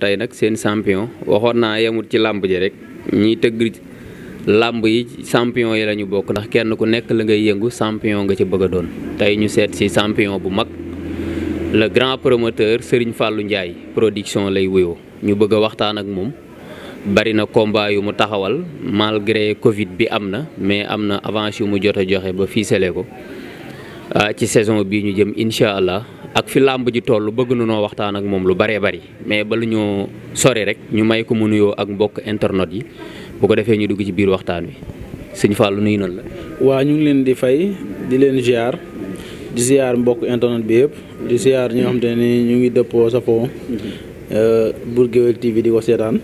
tey nag seen champion waxoon naa yemut ci làmb ji rek ñiy tëgg làmb yi champion yi la ñu bokk ndax kenn ku nekk la ngay yëngu champion nga ci bëgg doon tey ñu seet si champion bu mag le grand promoteur Serigne Fallou Ndiaye production lay wuyoo ñu bëgg a waxtaan ak moom bari na combat yu mu taxawal malgré Covid bi am na mais am na avance yu mu jot a joxe ba fiisale ko ah, ci saison bii ñu jëm incha allah. ak fi làmb ji toll bëgg na noo waxtaan ak moom lu bëree bëri mais ba lu ñu sori rek ñu may ko mu nuyoo ak mbokk internet yi bu ko defee ñu dugg ci biir waxtaan wi sëñ Fallou nuyu nan la. waa ñu ngi leen di fay di leen ziar di ziar mbokk internet bi yëpp di ziar ñi nga xam te ne ñu ngi dëppoo safoo euh, Bour Gueweul TV di ko seetaan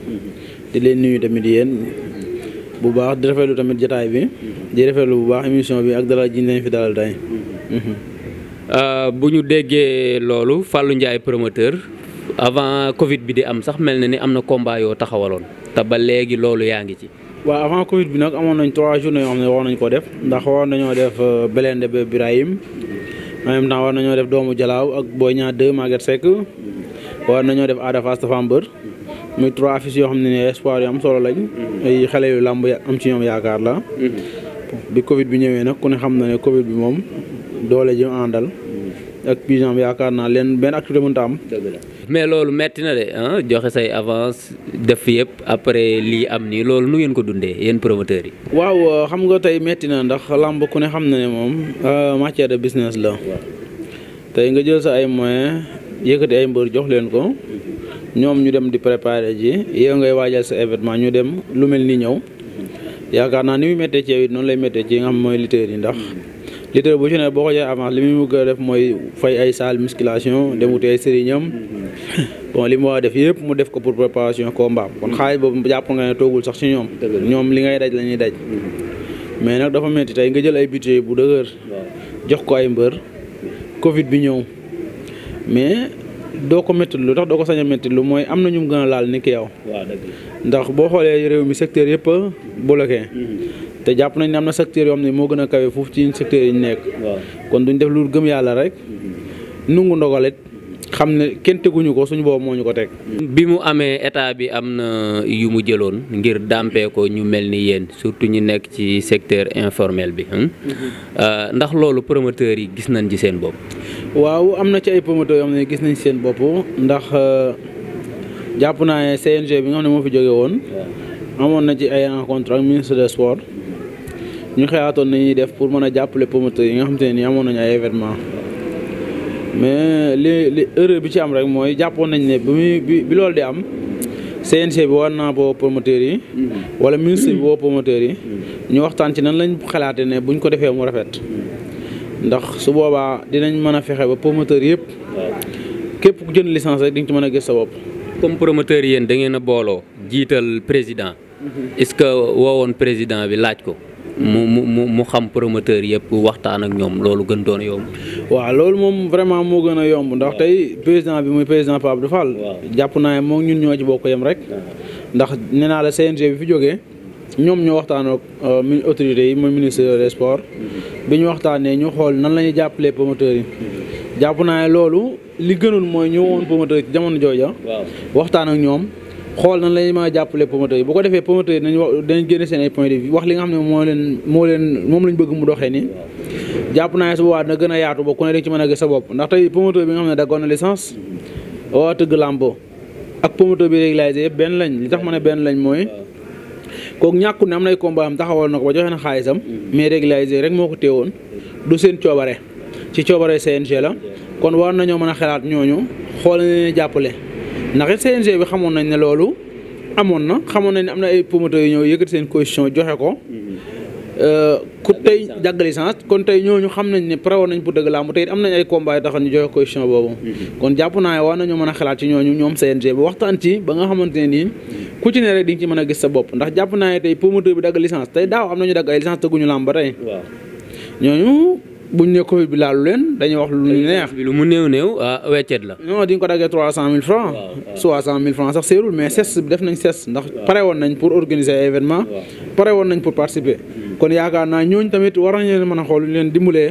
di leen nuyu tamit yéen bu baax di rafetlu tamit jataay bi di rafetlu bu baax émission bi ak dalal ji ñu leen fi dalal tey. Euh, bu ñu déggee loolu Fallou Ndiaye promoteur avant Covid bi di am sax mel na ni am na combat taxawaloon te ba léegi loolu yaa ngi ci. waaw avant Covid bi nag amoon nañ trois journées yoo xam ne war nañ ko def ndax war nañoo def euh, Belende ba Birahim en même war nañoo def doomu Jalaaw ak Boy Niang 2 Maguette Seck nañoo def Ada Fass Tapha Mbeur muy trois affiches yoo xam ne ne espoir yu am solo lañ. ay xale yu làmb am ci ñoom yaakaar la. Mhm. bi Covid bi ñëwee nag ku ne xam na ne Covid bi moom. doole ji àndal. ak pigeon yaakaar naa leen benn activité mënut a mais loolu metti na de ah joxe say avance def fi yëpp après lii am nii loolu lu ngeen ko dundee yéen promoteurs yi. waaw euh, xam nga tey metti na ndax làmb ku ne xam na ne moom euh, matière de business la. tey nga jël sa ay moyens yëkkati ay mbër jox leen ko. ñoom ñu dem di préparer ji yow ngay waajal sa événement ñu dem lu mel ni ñëw. yaakaar naa ni muy méttee ci yow noonu lay méttee ci nga xam mooy lutteurs yi ndax. litre bu ci ne boo ko joxee avance li mu ko def mooy fay ay saal musculation dem wuti ay sëriñam mm-hmm. bon li mu war def yëpp mu def ko pour préparation combat kon xaalis boobu jàpp nga ne toogul sax si ñoom ñoom li ngay daj la ñuy daj mm-hmm. mais nag dafa metti tey nga jël ay budget bu dëgër jox ko ay mbër covid bi ñëw mais doo ko métti lu tax doo ko sañ a métti lu mooy am na ñu mu gën a laal ni ki yow ndax boo xoolee réew mi secteur yëpp a te jàpp nañ ne am na secteur yoo xam moo gën a kawe foofu ci secteur yi ñu nekk. kon duñ def lu gëm yàlla rek nungu ndogalit xam ne kenn teguñu ko suñu boobu moo ñu ko teg. bi mu amee état bi am na yu mu jëloon ngir dàmpee ko ñu mel ni yéen surtout ñu nekk ci secteur informel bi. Mm-hmm. Euh, ndax loolu promoteurs yi gis nañ ci seen bopp. waaw am na ci ay promoteurs yoo xam ne gis nañ ci seen bopp ndax euh, jàpp naa ne CNG bi nga xam ne moo fi jóge woon. amoon na ci ay rencontre ak ministre des ñu xalaatoon nañuy def pour mën a jàppale promoteurs yi nga xam te ne nii amoon nañu mais li li bi ci am rek mooy jàppoon nañ ne bi muy loolu di am CNC bi war naa boo promoteurs yi. Mm-hmm. wala ministre bi boo promoteurs yi. Mm-hmm. ñu waxtaan ci nan lañ xalaatee ne buñ ko defee mu rafet. Mm-hmm. ndax su boobaa dinañ mën a fexe ba promoteurs yëpp. képp ku jënd licence rek di ci mën a gis sa bopp. comme promoteurs yéen da ngeen a booloo jiital président. est-ce que woowoon président bi laaj ko. mu mu mu xam promoteur yëpp waxtaan ak ñoom loolu gën doon yomb. waaw loolu moom vraiment moo gën a yomb ndax tey président bi muy président Pape Abdou Fall. jàpp naa ne moom ñun ñoo ci bokk yem rek. ndax nee naa la bi fi jógee ñoom ñoo waxtaan ak euh, autorités yi muy ministre des mm-hmm. bi ñu waxtaanee ñu xool nan la ñuy jàppalee promoteurs yi. Mm-hmm. jàpp naa ne loolu li gënoon mooy ñëwoon promoteur jamono jooja. waxtaan ak ñoom. xool nan lañu mën jàppale promoteurs yi bu ko defee promoteurs yi nañu wax danañ génne seen ay point de vue wax li nga xam ne moo leen moo leen moom lañ bëgg mu doxee nii jàpp naa ne su boobaa dina gën a yaatu ba ku ne rek ci mën a gis sa bopp ndax tey promoteur bi nga xam ne daggoon na ak promoteur bi régularisé yëpp benn lañ li tax ma ne benn lañ mooy kooku ñàkkul ne am nay combat am taxawal na ko ba joxe na xaalisam mais régularisé rek moo ko woon du seen coobare ci coobare ng la kon war nañoo mën a xalaat ñooñu xool jàppale ndax it CNG bi xamoon nañ ne loolu amoon na xamoon nañ ne am na ay promoteurs yu ñëw yëkkati seen question joxe ko. Euh, ku tey dagg licence kon tey ñu xam nañ ne pare woon nañ pour dëgg làmb tey am nañ ay combat yi tax ñu joxe caution boobu. Mhm. kon jàpp naa ne war nañoo mën a xalaat ci ñooñu ñoom CNG ba waxtaan ci ba nga xamante ne nii ku ci ne rek di nga ci mën a gis sa bopp ndax jàpp naa ne tey promoteur bi dagg licence tey daaw am nañu dagg ay licence tëgguñu làmb ba tey. ñooñu buñ ne Covid bi laalu leen dañuy wax lu neex. lu mu néew néew ah weccet la. non di nga ko daggee trois cent mille francs. trois cent mille francs sax seerul mais ses bi def nañ ses ndax pare woon nañ pour organiser événement. pare woon nañ pour participer. Hmm. kon yaakaar naa ñooñu tamit war nañ leen mën a xool lu leen dimbalee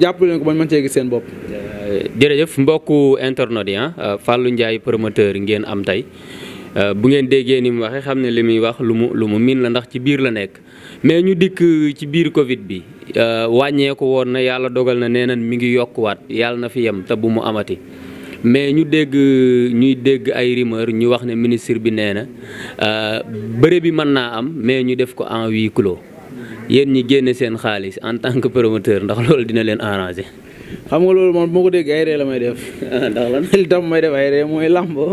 jàppale leen ko bañ mën cee gis seen bopp. Euh, jërëjëf mbokku internautes yi ah, Fallou Ndiaye promoteur ngeen am tey. Euh, bu ngeen déggee ni mu waxee xam ne li muy wax lu mu lu mu miin la ndax ci biir la nekk mais ñu dikk ci biir Covid bi euh, wàññeeku woon na yàlla dogal na nee na mi ngi yokkuwaat yàlla na fi yem te bu mu amati. mais ñu dégg ñuy dégg ay rumeur ñu wax ne ministre bi nee na euh, bëre bi mën naa am mais ñu def ko en huis clos yéen ñi génne seen xaalis en tant que promoteur ndax loolu dina leen arranger. xam nga loolu moom moo ko dégg ay la may def. Ah, ndax lan li tam may def ay ree mooy lambo.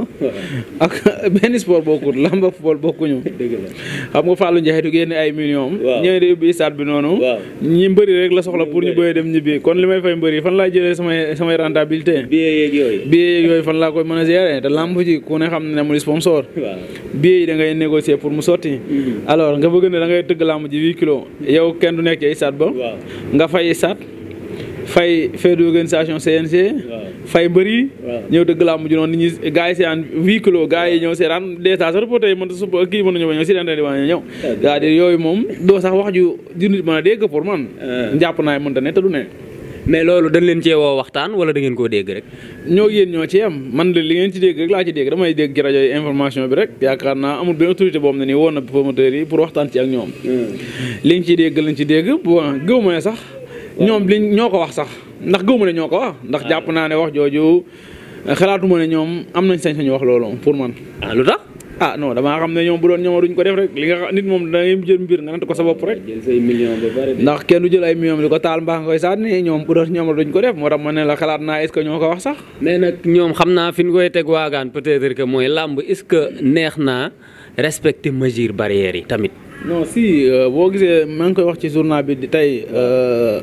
ak benn sport bokkut lambo football bokkuñu. dëgg la xam nga Fallou Ndiaye du génne ay millions. waaw ñëwee di ubbi stade bi noonu. ñi mbëri rek la soxla pour ñu bëri dem ñibbi kon li may fay mbëri fan laa jëlee samay samay rentabilité. billet yeeg yooyu. yooyu fan laa koy mën a gérer te lamb ji ku ne xam ne amul sponsor. waaw billet yi da ngay négocier pour mu sotti. Mm-hmm. alors nga bëgg ne da ngay tëgg lamb ji huit kilos yow kenn du nekk ci stade ba. nga fay stade fay fee d'organisation CNG. fay mbëri. ñëw dëgg laa mujj noonu nit ñi gars yi seetaan huit kilos gars yi ñëw seetaan dèjà sa reporter yi mën su kii mën nañu ba ñëw yooyu moom doo sax wax ju ju nit mën a dégg pour man. njàpp naa mënta ne te du ne. mais loolu dañ leen cee woo waxtaan wala da ngeen koo dégg rek. ñoo yéen ñoo ci am man de li ngeen ci dégg rek laa ci dégg damay dégg ci rajo information bi rek yaakaar naa amul benn autorité boo xam ne nii woon na promoteurs yi pour waxtaan ci ak ñoom. li nga ci sax ñoom liñ ñoo ko wax sax ndax gëwuma ne ñoo ko wax ndax jàpp naa ne wax jooju eh, xalaatuma ne ñoom am nañ sañ-sañu wax loolu pour man. Ah, lu tax ah non damaa xam ne ñoom bu doon ñoom duñ ko def rek li nga nit moom da ngay jël mbir nga ko sa bopp rek. jël say kenn jël ay millions di ko taal mbaa nga koy sànni ñoom bu doon ñoom duñ ko ne la xalaat naa est-ce ñoo ko wax nag ñoom xam naa fi ñu koy teg waagaan peut-être que mooy làmb est-ce que neex naa respecter mesure barrière yi tamit. non si euh, boo gisee maa ngi koy wax ci journal bi tey euh,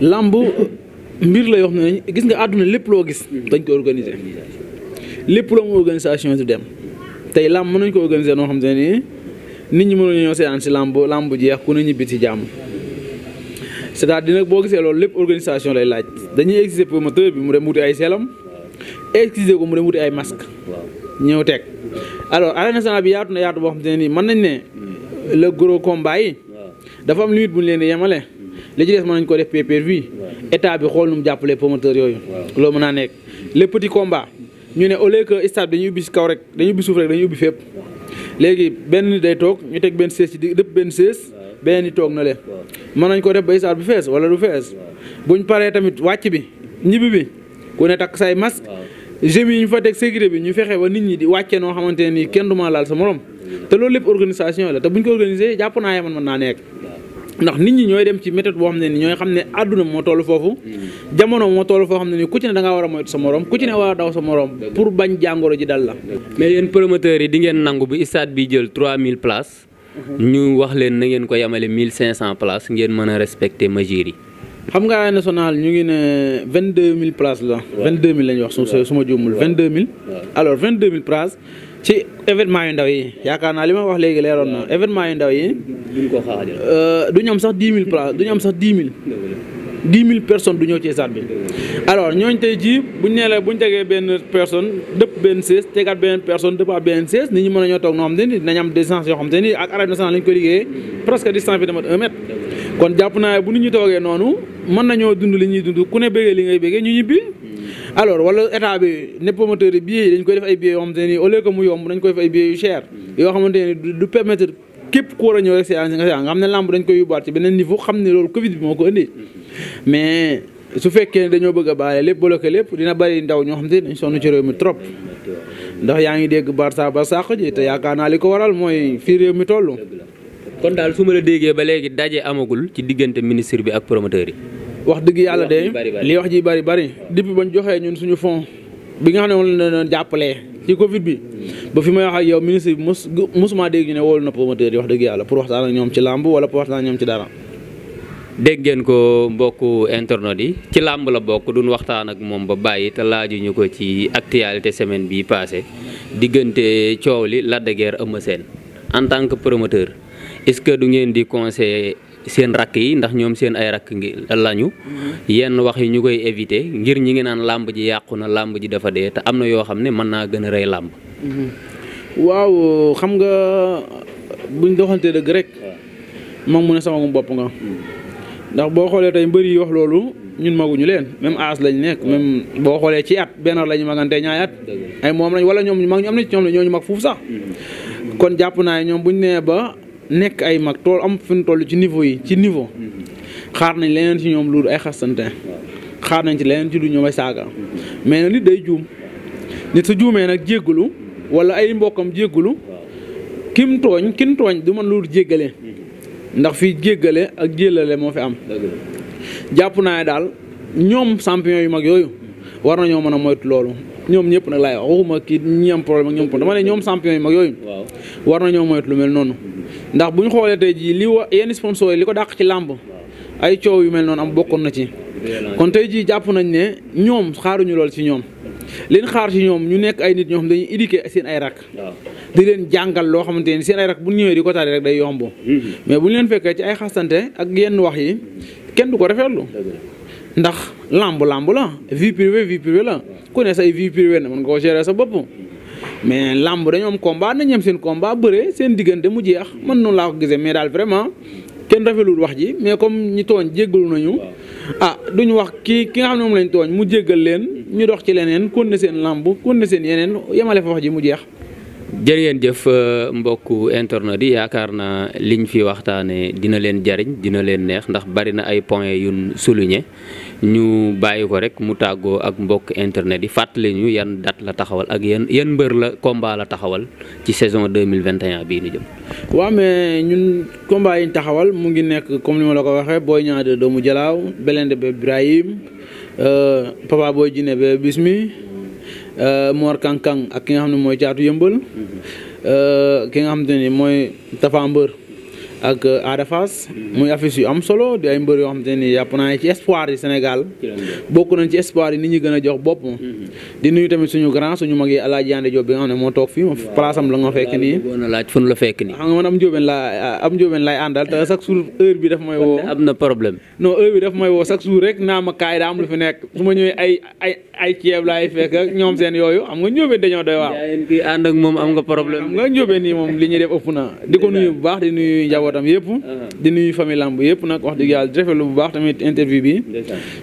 làmb mbir la yoo xam ne gis nga àdduna lépp loo gis dañ ko organiser lépp loo mu organisation du dem tey làmb mën nañ ko organiser noo xam te ne nit ñi mënuñu ñoo seetaan si làmb làmb jeex ku ne ñibbi si jàmm c'est-à-dire nag boo gisee loolu lépp organisation lay laaj dañuy exiger promoteur bi mu dem wuti ay selam exiger ko mu dem wuti ay masque ñëw teg alors arène nationale bi yaatu na yaatu boo xam te nii mën nañ ne le gros combat yi dafa am limite bu leen di yemale li ci des mën nañu ko def pay-per-view état bi xoolum jàppale mu jàppalee promoteur yooyu loolu mën naa nekk les petits combats ñu ne au lieu que stade dañuy ubbi si kaw rek dañuy ubbi suuf rek dañuy ubbi fépp léegi benn day toog ñu teg benn sées ci di dëpp benn sées beneen di toog na le mën nañ ko def ba stade bi fees wala du fees buñ paree tamit wàcc bi ñibbi bi ku ne takk say masque jeunes yi ñu fa teg sécurité bi ñu fexe ba nit ñi di wàcce noo xamante ne nii kenn du ma laal sa morom te loolu lépp la te buñ ko organisé jàpp naa ye man naa nekk ndax nit ñi ñooy dem ci méthode boo xam ne ni ñooy xam ne àdduna moo toll foofu mm. jamono moo toll foo xam ne ni ku ci ne da ngaa war a moytu sa morom ku ci ne war a daw sa morom pour bañ jàngoro ji dal la mais yéen promoteurs yi di ngeen nangu bu stade bi jël 3000 places mm-hmm. ñu wax leen na ngeen ko yemale 1500 places ngeen mën a respecter mesures yi xam nga national ñu ngi ne mille places la 22000 la ñu wax su su ma juumul 22000 alors 22000 places ci événement yu ndaw yi yaakaar naa li ma wax léegi leeroon na événement yu ndaw yi. Euh, du ñu am sax dix mille places du ñu am sax dix mille. dix mille personnes du ñëw ci stade bi. alors ñooñu tey jii bu ñu nee la bu ñu tegee benn personne dëpp benn sées tegaat benn personne dëppaat benn sées nit ñi mën a ñoo toog noo xam te ni dinañ am distance te ni ak arène nationale lañ ko liggéeyee presque distance bi dama un mètre. kon jàpp naa bu nit ñu toogee noonu mën nañoo dund li ñuy dund ku ne li ngay bëggee ñu ñibbi. alors wala état bi ne promoteur yi billets yi dañ koy def ay bii yoo xamante ne nii au lieu que mu yomb dañ koy def ay billets yu cher yoo xamante ne du permettre képp ku war a ñëw rek séance nga séance nga xam ne lamb dañ koy yóbbuwaat ci beneen niveau xam ne loolu Covid bi moo ko indi mais su fekkee ne dañoo bëgg a baale lépp bloqué lépp dina bari ndaw ñoo xam te dañ sonn ci réew mi trop ndax yaa ngi dégg Barça ba sàq ji te yaakaar naa li ko waral mooy fii réew mi toll kon daal su ma la déggee ba léegi daje amagul ci diggante ministre bi ak promoteur yi wax dëgg yàlla de li wax ji bari bari depuis bañ joxee ñun suñu fonds bi nga xam ne moom la doon jàppalee ci Covid bi ba fi may wax ak yow ministre bi mos mosuma dégg ñu ne woolu na promoteur yi wax dëgg yàlla pour waxtaan ak ñoom ci làmb wala pour waxtaan ak ñoom ci dégg ngeen ko mbokku internet yi ci làmb la bokk duñ waxtaan ak moom ba bàyyi te ñu ko ci actualité semaine bi passé diggante coow li Lac de Guiers Eumeu Sène en tant que promoteur est du ngeen di conseiller seen rakk yi ndax ñoom seen ay rakk ngi lañu yenn wax yi ñu koy éviter ngir ñi ngi naan làmb ji yàqu na làmb ji dafa dee te am na yoo xam ne mën naa gën a rey làmb waaw xam nga buñ doxante dëgg rek mag mu ne sama bopp nga ndax boo xoolee tey mbër yi wax loolu ñun maguñu leen même âge lañ nekk même boo xoolee ci at benn at magante ñaay ay moom lañ wala ñoom ñu mag ñu am na ci ñoom la ñooñu mag fuuf sax mm-hmm. kon jàpp naa ñoom buñ nee ba nekk ay mag tool am fi ñu toll ci niveau yi ci niveau xaar nañ leneen ci ñoom loolu ay xastante xaar nañ ci leneen ci lu ñoom ay saaga mais nag nit day juum nit su juumee nag jéggalu wala ay mbokkam jéggalu kim tooñ kin tooñ du man loolu jéggale ndax fii jéggale ak jéllale moo fi am jàpp naa ne daal ñoom sampion yu mag yooyu war nañoo mën a loolu ñoom ñëpp nag laay wax waxuma kii ñi am problème ak ñoom dama ne mag yooyu war nañoo moytu lu mel noonu ndax bu ñu xoolee tey jii li wa yenn sponsor yi li ko dàq ci làmb ay coow yu mel noonu am bokkoon na ci kon tey jii jàpp nañ ne ñoom xaaruñu lool ci ñoom leen xaar ci ñoom ñu nekk ay nit ñoo xam dañuy éduquer seen ay rak di leen jàngal loo xamante ne seen ay rak bu ñëwee di ko taale rek day yomb mm-hmm. mais bu ñu leen fekkee ci ay xastante ak yenn wax yi kenn du ko rafetlu ndax làmb làmb la vie privée vie privée la ku ne say vie privée na nga ko gérer sa bopp mais làmb dañoom am combat nañ am seen combat bëre seen diggante mu jeex man noonu laa ko gisee mais daal vraiment kenn rafetlul wax ji mais comme ñi tooñ jéggalu nañu. ah ñu wax kii ki nga xam ne moom lañ tooñ mu jéggal leen ñu dox ci leneen kon ne seen làmb kon ne seen yeneen yemale fa wax ji mu jeex. jërë jëf euh, mbokk internet yi yaakaar na liñ fi waxtaanee dina leen jariñ dina leen neex ndax bari na ay point yuñ souligné ñu bàyyi ko rek mu tàggoo ak mbokk internet yi fàttali ñu yan date la taxawal ak yan yan mbër la combat la taxawal ci saison 2021 bii ñu jëm. waaw mais ñun combat yi ñu taxawal mu ngi nekk comme ni ma la ko waxee Boy Niang 2 doomu Jalaaw Belende ba Ibrahim euh, Papa Boy Djiné ba Bismi. Euh, Mor Kang Kang ak ki xam ne mooy Caatu Yëmbël mhm. euh, ki nga xam ne mooy Tafa ak euh, Ada Fass mm-hmm. muy affiche yu am solo di ay mbër yoo xam te ni yàpp naa ci espoir yi Sénégal bokk nañ ci espoir yi nit ñi gën a jox bopp mm-hmm. di nuyu tamit suñu grand suñu mag yi bi nga xam ne moo toog laa am njóobeen am na problème non heure bi daf may lu fi nekk su ma ñëwee ay ay ay fekk ñoom seen yooyu am nga njóobeen dañoo doy waaw ànd ak moom am nga problème nii moom li ñuy def ëpp na di ko nuyu bu baax di nuyu njaboot njabootam yëpp uh-huh. di nuyu famille lamb yëpp nag wax dëgg yàlla di rafetlu bu baax tamit interview bi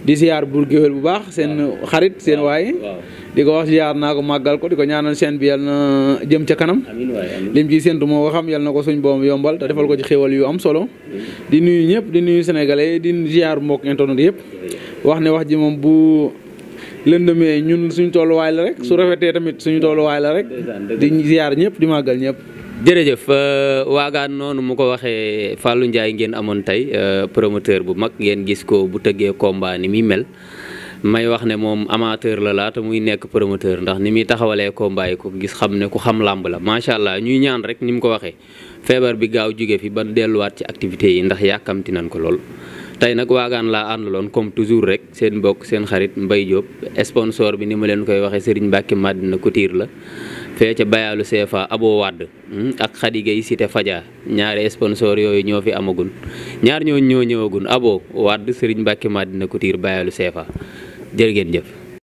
di ziar buur géwél bu baax seen xarit seen waaye di ko wax ziar naa ko màggal ko di ko ñaanal seen bi yàlla na jëm ca kanam lim ci séntu moo ko xam yàlla na ko suñ boom yombal te defal ko ci xéwal yu am solo di nuyu ñëpp di nuyu sénégalais di ziar mbokk internet yëpp wax ne wax ji moom bu lëndëmee ñun suñu tolluwaay la rek su mm. rafetee tamit suñu tolluwaay la rek di ziar ñëpp di màggal ñëpp jërëjëf euh, waagaan noonu mu ko waxee Fallou Ndiaye ngeen amoon tey euh, promoteur bu mag ngeen gis ko bu tëggee combat ni muy mel may wax ne moom amateur la laata muy nekk promoteur ndax ni muy taxawalee combat yi ko gis xam ne ku xam làmb la macha allah ñuy ñaan rek ni mu ko waxee feebar bi gaaw jóge fi ba delluwaat ci activités yi ndax yàkkamti nañ ko lool. tey nag waagaan laa àndaloon comme toujours rek seen mbokk seen xarit Mbaye Diop sponsor bi ni ma leen koy waxee Serigne Mbacke Madina Couture la fee ca bayaalu CFA aboo wàdd hmm, ak Khady Gueye Cité Fadia ñaari sponsor yooyu ñoo fi amagun ñaar ñooñu ñoo ñëwagun aboo wàdd Serigne Mbacke màddina Couture bayaalu CFA jërë ngeen jëf